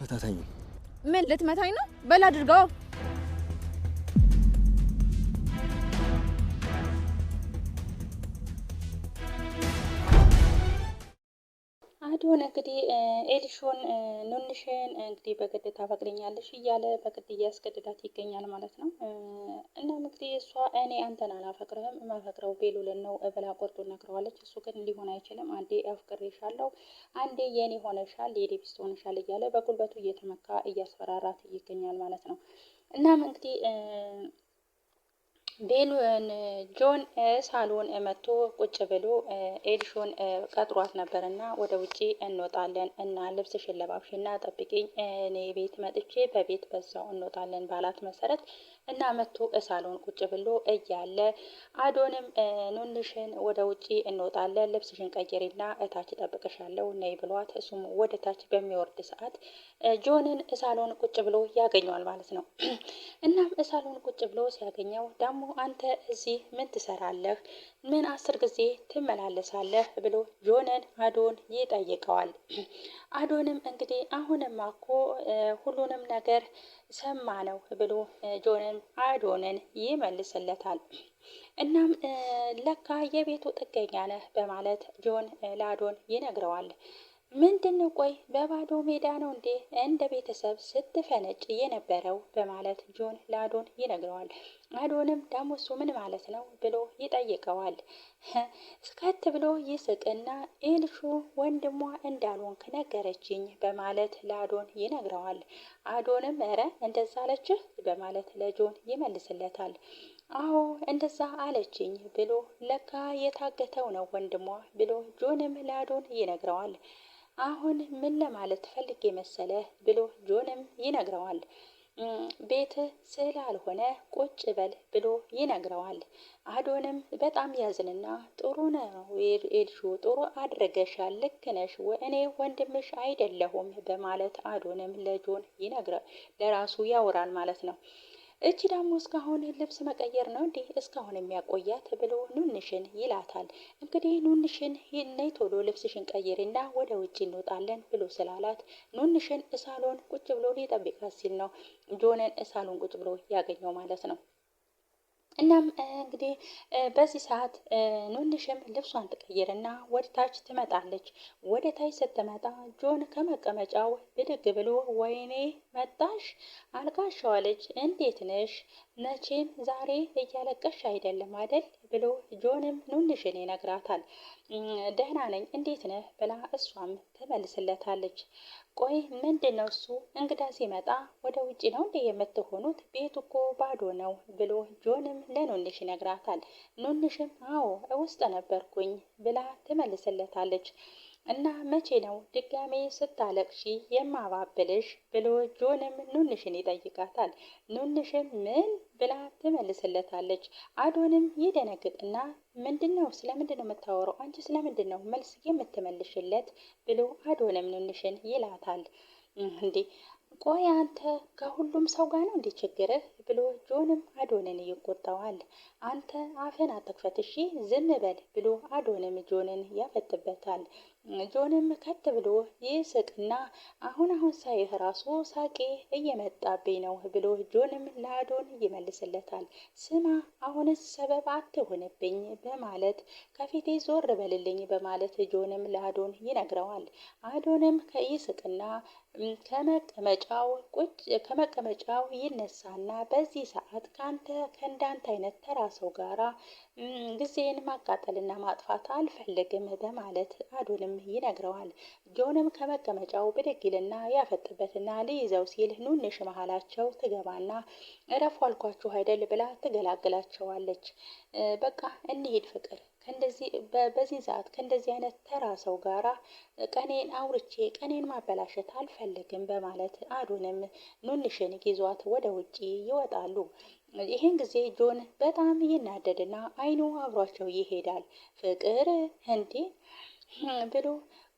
ፈታታኝ ምን ልትመታኝ ነው? በል አድርገው ናዲሆን እንግዲህ ኤልሹን ኑንሽን እንግዲህ በግድ ታፈቅደኛለሽ እያለ በግድ እያስገድዳት ይገኛል ማለት ነው። እናም እንግዲህ እሷ እኔ አንተን አላፈቅርህም የማፈቅረው ቤሉልን ነው ብላ ቆርጦ ነግረዋለች። እሱ ግን ሊሆን አይችልም፣ አንዴ አፍቅሬሻለሁ፣ አንዴ የኔ ሆነሻል፣ የዴቢስት ሆነሻል እያለ በጉልበቱ እየተመካ እያስፈራራት ይገኛል ማለት ነው። እናም እንግዲህ ዴሉን ጆን ሳሎን መጥቶ ቁጭ ብሎ ኤልሹን ቀጥሯት ነበር እና ወደ ውጪ እንወጣለን እና ልብስ እና ጠብቂኝ እኔ ቤት መጥቼ በቤት በዛው እንወጣለን ባላት መሰረት እና መጥቶ ሳሎን ቁጭ ብሎ እያለ አዶንም ኑንሽን ወደ ውጪ እንወጣለን ልብስሽን ቀይሪ ቀይሪና እታች ጠብቅሻለሁ ነይ ብሏት እሱም ወደ ታች በሚወርድ ሰዓት ጆንን ሳሎን ቁጭ ብሎ ያገኘዋል ማለት ነው። እናም ሳሎን ቁጭ ብሎ ሲያገኘው ዳሞ አንተ እዚህ ምን ትሰራለህ? ምን አስር ጊዜ ትመላለሳለህ? ብሎ ጆነን አዶን ይጠይቀዋል። አዶንም እንግዲህ አሁንማ እኮ ሁሉንም ነገር ሰማ ነው ብሎ ጆነን አዶንን ይመልስለታል። እናም ለካ የቤቱ ጥገኛ ነህ በማለት ጆን ለአዶን ይነግረዋል። ምንድን ቆይ በባዶ ሜዳ ነው እንዴ እንደ ቤተሰብ ስትፈነጭ የነበረው በማለት ጆን ለአዶን ይነግረዋል። አዶንም ዳሞሱ ምን ማለት ነው ብሎ ይጠይቀዋል። ስከት ብሎ ይስቅና ኤልሹ ወንድሟ እንዳልሆንክ ነገረችኝ በማለት ለአዶን ይነግረዋል። አዶንም እረ እንደዛ አለችህ በማለት ለጆን ይመልስለታል። አዎ እንደዛ አለችኝ ብሎ ለካ የታገተው ነው ወንድሟ ብሎ ጆንም ለአዶን ይነግረዋል። አሁን ምን ለማለት ፈልጌ መሰለ ብሎ ጆንም ይነግረዋል። ቤት ስላልሆነ ቁጭ በል ብሎ ይነግረዋል። አዶንም በጣም ያዝንና ጥሩ ነው ኤልሹ፣ ጥሩ አድርገሻል፣ ልክ ነሽ፣ እኔ ወንድምሽ አይደለሁም በማለት አዶንም ለጆን ይነግረ ለራሱ ያወራል ማለት ነው። እቺ ደግሞ እስካሁን ልብስ መቀየር ነው እንዲህ እስካሁን የሚያቆያት ብሎ ኑንሽን ይላታል። እንግዲህ ኑንሽን ነይ ቶሎ ልብስሽን ቀይሪና ወደ ውጭ እንወጣለን ብሎ ስላላት ኑንሽን እሳሎን ቁጭ ብሎ ሊጠብቃት ሲል ነው ጆንን እሳሎን ቁጭ ብሎ ያገኘው ማለት ነው። እናም እንግዲህ በዚህ ሰዓት ኑንሽም ልብሷን ትቀይርና ወደ ታች ትመጣለች። ወደ ታች ስትመጣ ጆን ከመቀመጫው ብድግ ብሎ ወይኔ መጣሽ አልጋሸዋለች። እንዴት ነሽ? መቼም ዛሬ እያለቀሽ አይደለም አደል? ብሎ ጆንም ኑንሽን ይነግራታል። ደህና ነኝ እንዴት ነህ ብላ እሷም ትመልስለታለች። ቆይ ምንድን ነው እሱ እንግዳ ሲመጣ ወደ ውጭ ነው እንዴ የምትሆኑት? ቤቱ እኮ ባዶ ነው ብሎ ጆንም ለኑንሽ ይነግራታል። ኑንሽም አዎ እውስጥ ነበርኩኝ ብላ ትመልስለታለች። እና መቼ ነው ድጋሜ ስታለቅሺ የማባብልሽ ብሎ ጆንም ኑንሽን ይጠይቃታል። ኑንሽም ምን ብላ ትመልስለታለች። አዶንም ይደነግጥና ምንድን ነው ስለምንድን ነው የምታወራው አንቺ ስለምንድን ነው መልስ የምትመልሽለት ብሎ አዶንም ኑንሽን ይላታል። እንዴ ቆይ አንተ ከሁሉም ሰው ጋር ነው እንዴ ችግርህ? ብሎ ጆንም አዶንን ይቆጣዋል። አንተ አፈን አትክፈት እሺ ዝም በል ብሎ አዶንም ጆንን ያፈጥበታል። ጆንም ከት ብሎ ይስቅና አሁን አሁን ሳይህ ራሱ ሳቄ እየመጣብኝ ነው ብሎ ጆንም ለአዶን ይመልስለታል። ስማ አሁንስ ሰበብ አትሆንብኝ በማለት ከፊቴ ዞር በልልኝ በማለት ጆንም ለአዶን ይነግረዋል። አዶንም ይስቅና ከመቀመጫው ቁጭ ከመቀመጫው ይነሳና በዚህ ሰዓት ከአንተ ከእንዳንተ አይነት ተራ ሰው ጋራ ጊዜን ማቃጠልና ማጥፋት አልፈልግም በማለት አዶንም ይነግረዋል። ጆንም ከመቀመጫው ብድግ ይልና ያፈጥበትና ሊይዘው ሲል ኑንሽ መሀላቸው ትገባና እረፉ አልኳችሁ አይደል ብላ ትገላግላቸዋለች። በቃ እንሂድ ፍቅር ከእንደዚህ በዚህ ሰዓት ከእንደዚህ አይነት ተራ ሰው ጋራ ቀኔን አውርቼ ቀኔን ማበላሸት አልፈልግም በማለት አዶንም ኑንሽን ይዟት ወደ ውጪ ይወጣሉ። ይህን ጊዜ ጆን በጣም ይናደድና አይኑ አብሯቸው ይሄዳል። ፍቅር እንዴ ብሎ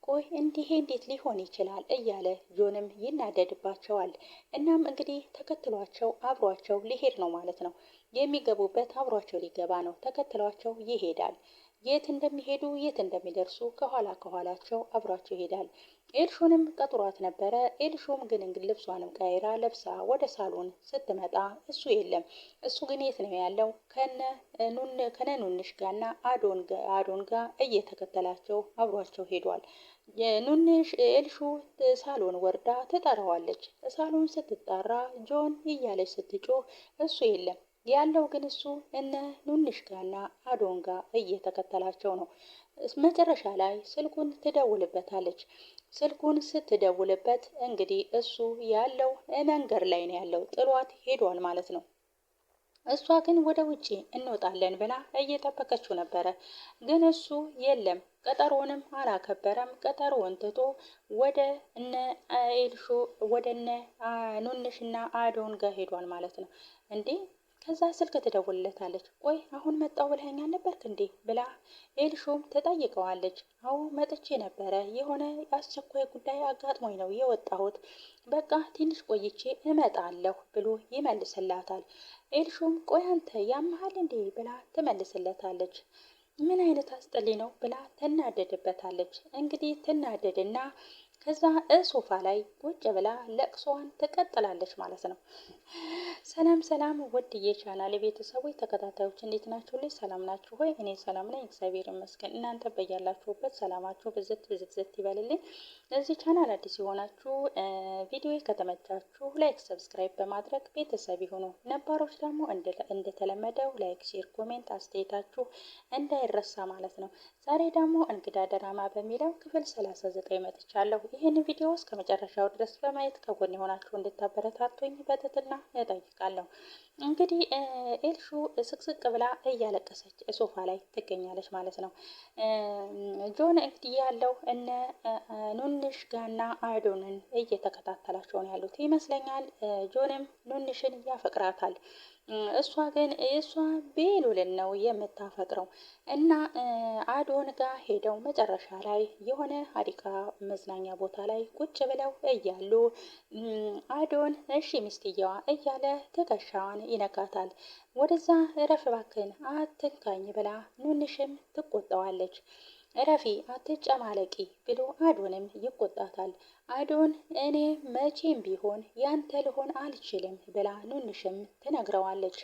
ቆይ እንዲህ እንዴት ሊሆን ይችላል እያለ ጆንም ይናደድባቸዋል። እናም እንግዲህ ተከትሏቸው አብሯቸው ሊሄድ ነው ማለት ነው። የሚገቡበት አብሯቸው ሊገባ ነው። ተከትሏቸው ይሄዳል። የት እንደሚሄዱ የት እንደሚደርሱ ከኋላ ከኋላቸው አብሯቸው ይሄዳል። ኤልሹንም ቀጥሯት ነበረ። ኤልሹም ግን እንግዲህ ልብሷንም ቀይራ ለብሳ ወደ ሳሎን ስትመጣ እሱ የለም። እሱ ግን የት ነው ያለው? ከነ ኑንሽ ጋና አዶን ጋር እየተከተላቸው አብሯቸው ሄዷል። ኑንሽ ኤልሹ ሳሎን ወርዳ ትጠራዋለች። ሳሎን ስትጠራ ጆን እያለች ስትጮህ እሱ የለም። ያለው ግን እሱ እነ ኑንሽ ጋና አዶን ጋ እየተከተላቸው ነው። መጨረሻ ላይ ስልኩን ትደውልበታለች። ስልኩን ስትደውልበት እንግዲህ እሱ ያለው መንገድ ላይ ነው ያለው፣ ጥሏት ሄዷል ማለት ነው። እሷ ግን ወደ ውጪ እንወጣለን ብላ እየጠበቀችው ነበረ። ግን እሱ የለም፣ ቀጠሮንም አላከበረም። ቀጠሮውን ትቶ ወደ እነ ኤልሹ ወደ እነ ኑንሽና አዶን ጋር ሄዷል ማለት ነው እንዴ ከዛ ስልክ ትደውልለታለች። ቆይ አሁን መጣው ብለኸኝ አልነበርክ እንዴ ብላ ኤልሹም ትጠይቀዋለች። አዎ መጥቼ ነበረ፣ የሆነ አስቸኳይ ጉዳይ አጋጥሞኝ ነው የወጣሁት፣ በቃ ትንሽ ቆይቼ እመጣለሁ ብሎ ይመልስላታል። ኤልሹም ቆይ አንተ ያመሃል እንዴ ብላ ትመልስለታለች። ምን አይነት አስጠሊ ነው ብላ ትናደድበታለች። እንግዲህ ትናደድና ከዛ እሶፋ ላይ ቁጭ ብላ ለቅሶዋን ትቀጥላለች ማለት ነው። ሰላም ሰላም፣ ውድ የቻናል ቤተሰቦች ተከታታዮች እንዴት ናችሁ? ልጅ ሰላም ናችሁ ሆይ? እኔ ሰላም ነኝ፣ እግዚአብሔር ይመስገን። እናንተ በያላችሁበት ሰላማችሁ ብዝት ብዝት ይበልልኝ። ለዚህ ቻናል አዲስ የሆናችሁ ቪዲዮ ከተመቻችሁ ላይክ፣ ሰብስክራይብ በማድረግ ቤተሰብ ይሁኑ። ነባሮች ደግሞ እንደተለመደው ላይክ፣ ሼር፣ ኮሜንት አስተያየታችሁ እንዳይረሳ ማለት ነው። ዛሬ ደግሞ እንግዳ ድራማ በሚለው ክፍል ዘጠኝ መጥቻለሁ። ይህን ቪዲዮ እስከ መጨረሻው ድረስ በማየት ከጎን የሆናችሁ እንድታበረታቱኝ በትህትና እጠይቃለሁ። እንግዲህ ኤልሹ ስቅስቅ ብላ እያለቀሰች ሶፋ ላይ ትገኛለች ማለት ነው። ጆን እንግዲህ ያለው እነ ኑንሽ ጋና አዶንን እየተከታተላቸው ነው ያሉት ይመስለኛል። ጆንም ኑንሽን ያፈቅራታል። እሷ ግን እሷ ቤሉልን ነው የምታፈቅረው እና አዶን ጋር ሄደው መጨረሻ ላይ የሆነ አዲካ መዝናኛ ቦታ ላይ ቁጭ ብለው እያሉ አዶን እሺ ሚስትየዋ እያለ ትከሻዋን ይነካታል። ወደዛ እረፍ እባክን አትንካኝ ብላ ኑንሽም ትቆጣዋለች። እረፊ አትጨማለቂ ብሎ አዶንም ይቆጣታል። አዶን እኔ መቼም ቢሆን ያንተ ልሆን አልችልም ብላ ኑንሽም ትነግረዋለች።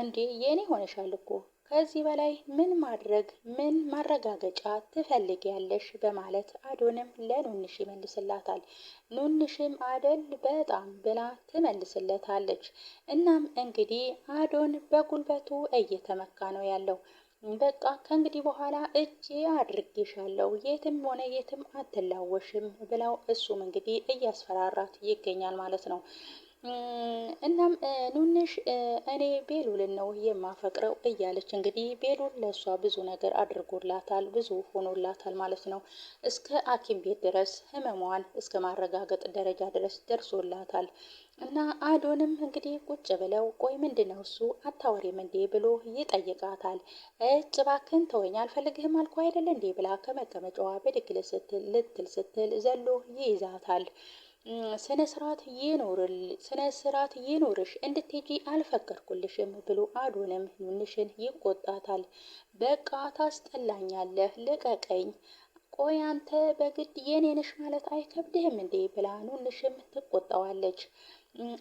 እንዴ የኔ ሆነሻል እኮ ከዚህ በላይ ምን ማድረግ ምን ማረጋገጫ ትፈልጊያለሽ? በማለት አዶንም ለኑንሽ ይመልስላታል። ኑንሽም አደል በጣም ብላ ትመልስለታለች። እናም እንግዲህ አዶን በጉልበቱ እየተመካ ነው ያለው። በቃ ከእንግዲህ በኋላ እጄ አድርጌሻለሁ የትም ሆነ የትም አትላወሽም ብለው እሱም እንግዲህ እያስፈራራት ይገኛል ማለት ነው። እናም ኑንሽ እኔ ቤሉልን ነው የማፈቅረው እያለች እንግዲህ ቤሉል ለእሷ ብዙ ነገር አድርጎላታል፣ ብዙ ሆኖላታል ማለት ነው። እስከ ሐኪም ቤት ድረስ ህመሟን እስከ ማረጋገጥ ደረጃ ድረስ ደርሶላታል። እና አዶንም እንግዲህ ቁጭ ብለው ቆይ ምንድን ነው እሱ አታወሪም እንዴ ብሎ ይጠይቃታል። እጭ ባክን ተወኝ አልፈልግህም አልኩ አይደለ እንዴ ብላ ከመቀመጫዋ ብድግ ስትል ልትል ስትል ዘሎ ይይዛታል። ስነ ስርዓት ይኑርል ስነ ስርዓት እንድትሄጂ አልፈቀድኩልሽም ብሎ አዶንም ኑንሽን ይቆጣታል። በቃ ታስጠላኛለህ ልቀቀኝ ቆይ አንተ በግድ የኔንሽ ማለት አይከብድህም እንዴ ብላ ኑንሽም ትቆጣዋለች።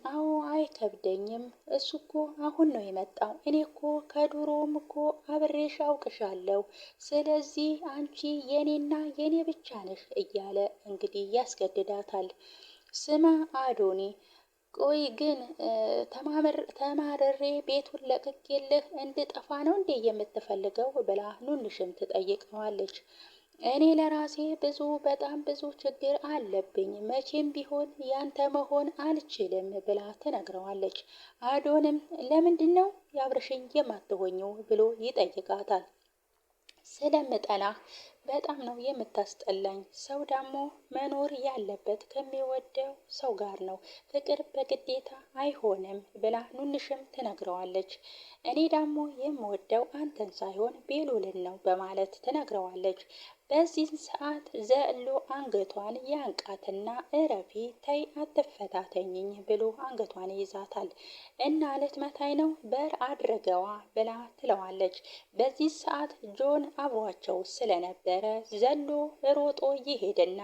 አዎ አይከብደኝም። እሱ እኮ አሁን ነው የመጣው። እኔ እኮ ከድሮም እኮ አብሬሽ አውቅሻለሁ። ስለዚህ አንቺ የኔና የኔ ብቻ ነሽ እያለ እንግዲህ ያስገድዳታል። ስማ አዶኒ፣ ቆይ ግን ተማረሬ ቤቱን ለቅቄልህ እንድጠፋ ነው እንዴ የምትፈልገው? ብላ ኑንሽም ትጠይቀዋለች። እኔ ለራሴ ብዙ በጣም ብዙ ችግር አለብኝ፣ መቼም ቢሆን ያንተ መሆን አልችልም ብላ ትነግረዋለች። አዶንም ለምንድን ነው ያብረሽኝ የማትሆኘው ብሎ ይጠይቃታል። ስለምጠላ በጣም ነው የምታስጠላኝ። ሰው ደግሞ መኖር ያለበት ከሚወደው ሰው ጋር ነው፣ ፍቅር በግዴታ አይሆንም ብላ ኑንሽም ትነግረዋለች። እኔ ደግሞ የምወደው አንተን ሳይሆን ቤሉልን ነው በማለት ትነግረዋለች። በዚህን ሰዓት ዘሎ አንገቷን ያንቃትና እረፊ ተይ አትፈታተኝኝ ብሎ አንገቷን ይይዛታል። እና ልትመታኝ ነው በር አድርገዋ ብላ ትለዋለች። በዚህ ሰዓት ጆን አብሯቸው ስለነበር እየዘለለ ዘሎ ሮጦ ይሄድና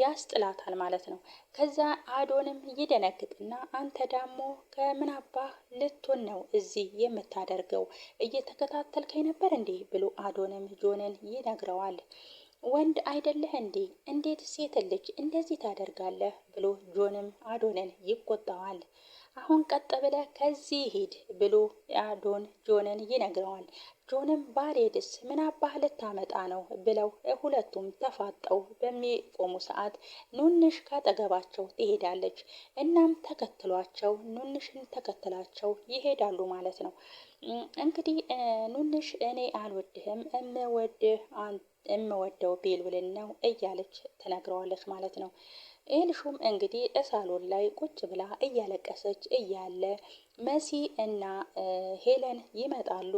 ያስጥላታል ማለት ነው። ከዛ አዶንም ይደነግጥና አንተ ዳሞ ከምን አባህ ልትሆን ነው እዚህ የምታደርገው እየተከታተልከኝ ነበር እንዴ? ብሎ አዶንም ጆንን ይነግረዋል። ወንድ አይደለህ እንዴ? እንዴት ሴት ልጅ እንደዚህ ታደርጋለህ? ብሎ ጆንም አዶንን ይቆጣዋል። አሁን ቀጥ ብለህ ከዚህ ሂድ ብሎ አዶን ጆንን ይነግረዋል። ጆንም ባሬድስ ምን አባህ ልታመጣ ነው ብለው ሁለቱም ተፋጠው በሚቆሙ ሰዓት ኑንሽ ካጠገባቸው ትሄዳለች። እናም ተከትሏቸው ኑንሽን ተከትላቸው ይሄዳሉ ማለት ነው። እንግዲህ ኑንሽ እኔ አልወድህም እምወድህ የምወደው ቤሉልን ነው እያለች ትነግረዋለች ማለት ነው። ኤልሹም እንግዲህ እሳሎን ላይ ቁጭ ብላ እያለቀሰች እያለ መሲ እና ሄለን ይመጣሉ።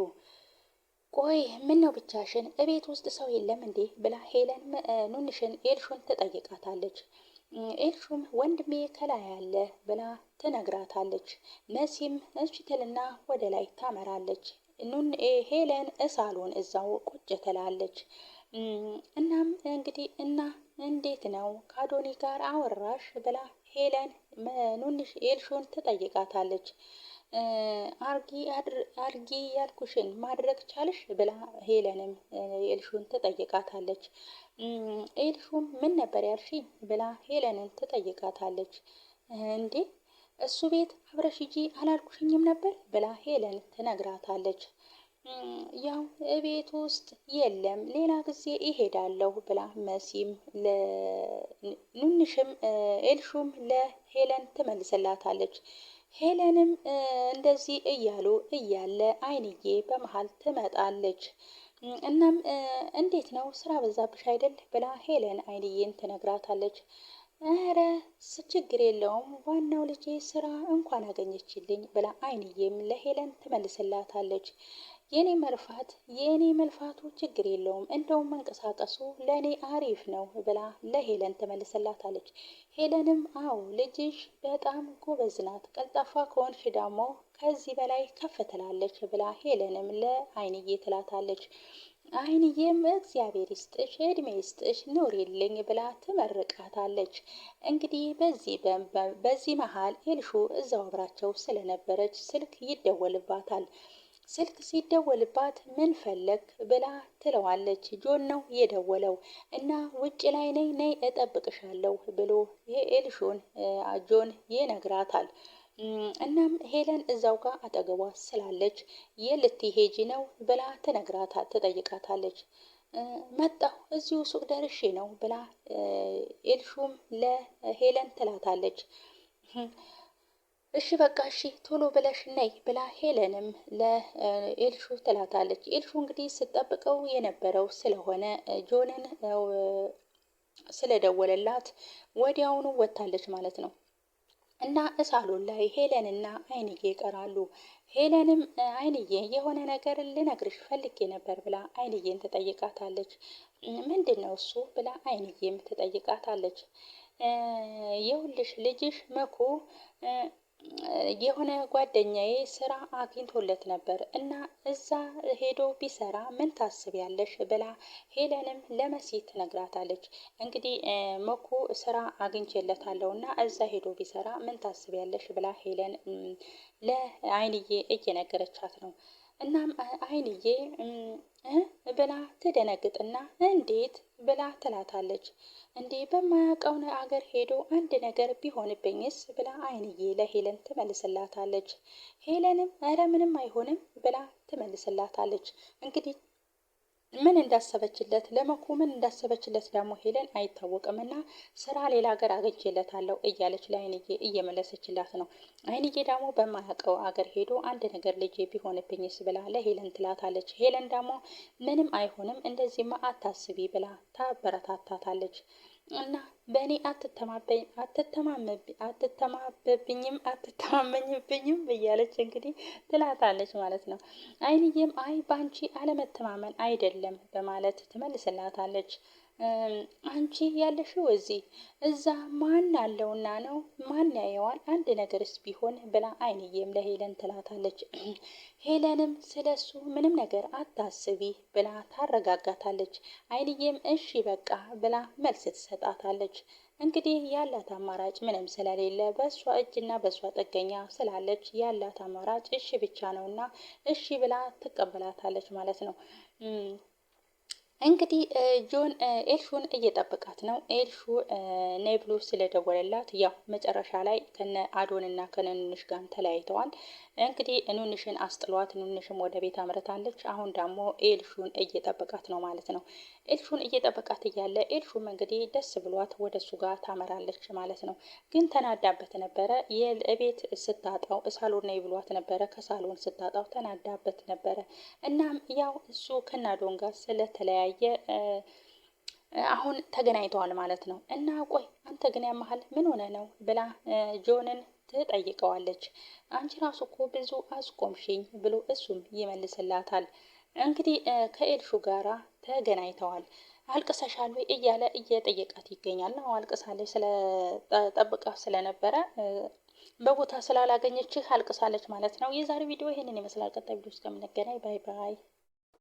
ቆይ ምን ነው ብቻሽን? እቤት ውስጥ ሰው የለም እንዴ? ብላ ሄለን ኑንሽን ኤልሹን ትጠይቃታለች። ኤልሹም ወንድሜ ከላይ አለ ብላ ትነግራታለች። መሲም እሺ ትልና ወደ ላይ ታመራለች። ኑን ሄለን እሳሎን እዛው ቁጭ ትላለች። እናም እንግዲህ እና እንዴት ነው ከአዶኒ ጋር አወራሽ ብላ ሄለን ኑንሽ ኤልሹን ትጠይቃታለች። አርጊ አርጊ ያልኩሽን ማድረግ ቻልሽ ብላ ሄለንም ኤልሹን ትጠይቃታለች። ኤልሹም ምን ነበር ያልሽኝ ብላ ሄለንን ትጠይቃታለች። እንዴ እሱ ቤት አብረሽ ሂጂ አላልኩሽኝም ነበር ብላ ሄለን ትነግራታለች። ያው እቤት ውስጥ የለም ሌላ ጊዜ ይሄዳለሁ ብላ መሲም ኑንሽም ኤልሹም ለሄለን ትመልስላታለች። ሄለንም እንደዚህ እያሉ እያለ አይንዬ በመሀል ትመጣለች። እናም እንዴት ነው ስራ በዛብሽ አይደል ብላ ሄለን አይንዬን ትነግራታለች። ኧረ ችግር የለውም ዋናው ልጄ ስራ እንኳን አገኘችልኝ ብላ አይንዬም ለሄለን ትመልስላታለች። የኔ መልፋት የኔ መልፋቱ ችግር የለውም እንደውም መንቀሳቀሱ ለእኔ አሪፍ ነው ብላ ለሄለን ትመልስላታለች። ሄለንም አዎ ልጅሽ በጣም ጎበዝ ናት፣ ቀልጣፋ ከሆንሽ ደግሞ ከዚህ በላይ ከፍ ትላለች ብላ ሄለንም ለአይንዬ ትላታለች። አይንዬም እግዚአብሔር ይስጥሽ እድሜ ይስጥሽ ኑሪልኝ ብላ ትመርቃታለች። እንግዲህ በዚህ በዚህ መሀል ኤልሹ እዛው አብራቸው ስለነበረች ስልክ ይደወልባታል። ስልክ ሲደወልባት ምን ፈለግ ብላ ትለዋለች። ጆን ነው የደወለው እና ውጭ ላይ ነኝ ነይ እጠብቅሻለሁ ብሎ የኤልሹን ጆን ይነግራታል። እናም ሄለን እዛው ጋር አጠገቧ ስላለች የልትሄጂ ነው ብላ ትነግራታል ትጠይቃታለች። መጣሁ እዚሁ ሱቅ ደርሼ ነው ብላ ኤልሹም ለሄለን ትላታለች። እሺ በቃ እሺ ቶሎ ብለሽ ነይ ብላ ሄለንም ለኤልሹ ትላታለች። ኤልሹ እንግዲህ ስጠብቀው የነበረው ስለሆነ ጆንን ስለደወለላት ወዲያውኑ ወጥታለች ማለት ነው። እና እሳሎን ላይ ሄለንና አይንዬ ይቀራሉ። ሄለንም አይንዬ የሆነ ነገር ልነግርሽ ፈልጌ ነበር ብላ አይንዬን ትጠይቃታለች። ምንድን ነው እሱ ብላ አይንዬም ትጠይቃታለች። የውልሽ ልጅሽ መኩ የሆነ ጓደኛዬ ስራ አግኝቶለት ነበር እና እዛ ሄዶ ቢሰራ ምን ታስቢያለሽ ብላ ሄለንም ለመሲ ትነግራታለች። እንግዲህ መኩ ስራ አግኝቼለታለሁ እና እዛ ሄዶ ቢሰራ ምን ታስቢያለሽ ብላ ሄለን ለአይንዬ እየነገረቻት ነው። እናም አይንዬ ብላ ትደነግጥና እንዴት ብላ ትላታለች። እንዴ በማያውቀው አገር ሄዶ አንድ ነገር ቢሆንብኝስ ብላ አይንዬ ለሄለን ትመልስላታለች። ሄለንም እረ ምንም አይሆንም ብላ ትመልስላታለች። እንግዲህ ምን እንዳሰበችለት ለመኩ ምን እንዳሰበችለት ደግሞ ሄለን አይታወቅም። እና ስራ ሌላ ሀገር አግኝቼለታለሁ እያለች ለአይንዬ እየመለሰችላት ነው። አይንዬ ደግሞ በማያውቀው አገር ሄዶ አንድ ነገር ልጄ ቢሆንብኝስ ብላ ለሄለን ትላታለች። ሄለን ደግሞ ምንም አይሆንም እንደዚህማ አታስቢ ብላ ታበረታታታለች። እና በእኔ አትተማበኝ አትተማመብኝም አትተማመኝብኝም እያለች እንግዲህ ትላታለች ማለት ነው። አይንዬም አይ ባንቺ አለመተማመን አይደለም በማለት ትመልስላታለች። አንቺ ያለሽው እዚህ እዛ ማን አለውና ነው? ማን ያየዋል? አንድ ነገርስ ቢሆን ብላ አይንዬም ለሄለን ትላታለች። ሄለንም ስለሱ ምንም ነገር አታስቢ ብላ ታረጋጋታለች። አይንዬም እሺ በቃ ብላ መልስ ትሰጣታለች። እንግዲህ ያላት አማራጭ ምንም ስለሌለ በእሷ እጅና በእሷ ጥገኛ ስላለች ያላት አማራጭ እሺ ብቻ ነውና እሺ ብላ ትቀበላታለች ማለት ነው። እንግዲህ ጆን ኤልሹን እየጠበቃት ነው። ኤልሹ ነይ ብሎ ስለደወለላት ያው መጨረሻ ላይ ከነ አዶን እና ከነ ኑንሽ ጋር ተለያይተዋል። እንግዲህ ኑንሽን አስጥሏት፣ ኑንሽም ወደ ቤት አምርታለች። አሁን ደግሞ ኤልሹን እየጠበቃት ነው ማለት ነው። ኤልሹን እየጠበቃት እያለ ኤልሹም እንግዲህ ደስ ብሏት ወደ እሱ ጋር ታመራለች ማለት ነው። ግን ተናዳበት ነበረ። የቤት ስታጣው ሳሎን ነይ ብሏት ነበረ። ከሳሎን ስታጣው ተናዳበት ነበረ። እናም ያው እሱ ከናዶን ጋር ስለተለያየ አሁን ተገናኝተዋል ማለት ነው። እና ቆይ አንተ ግን ያመሃል ምን ሆነ ነው ብላ ጆንን ትጠይቀዋለች። አንቺ ራሱ እኮ ብዙ አስቆምሽኝ ብሎ እሱም ይመልስላታል። እንግዲህ ከኤልሹ ጋራ ተገናኝተዋል። አልቅሰሻል ወይ እያለ እየጠየቃት ይገኛል። ነው አልቅሳለች፣ ስለጠብቃ ስለነበረ በቦታ ስላላገኘችህ አልቅሳለች ማለት ነው። የዛሬ ቪዲዮ ይህንን ይመስላል። ቀጣይ ቪዲዮ እስከምንገናኝ ባይ ባይ።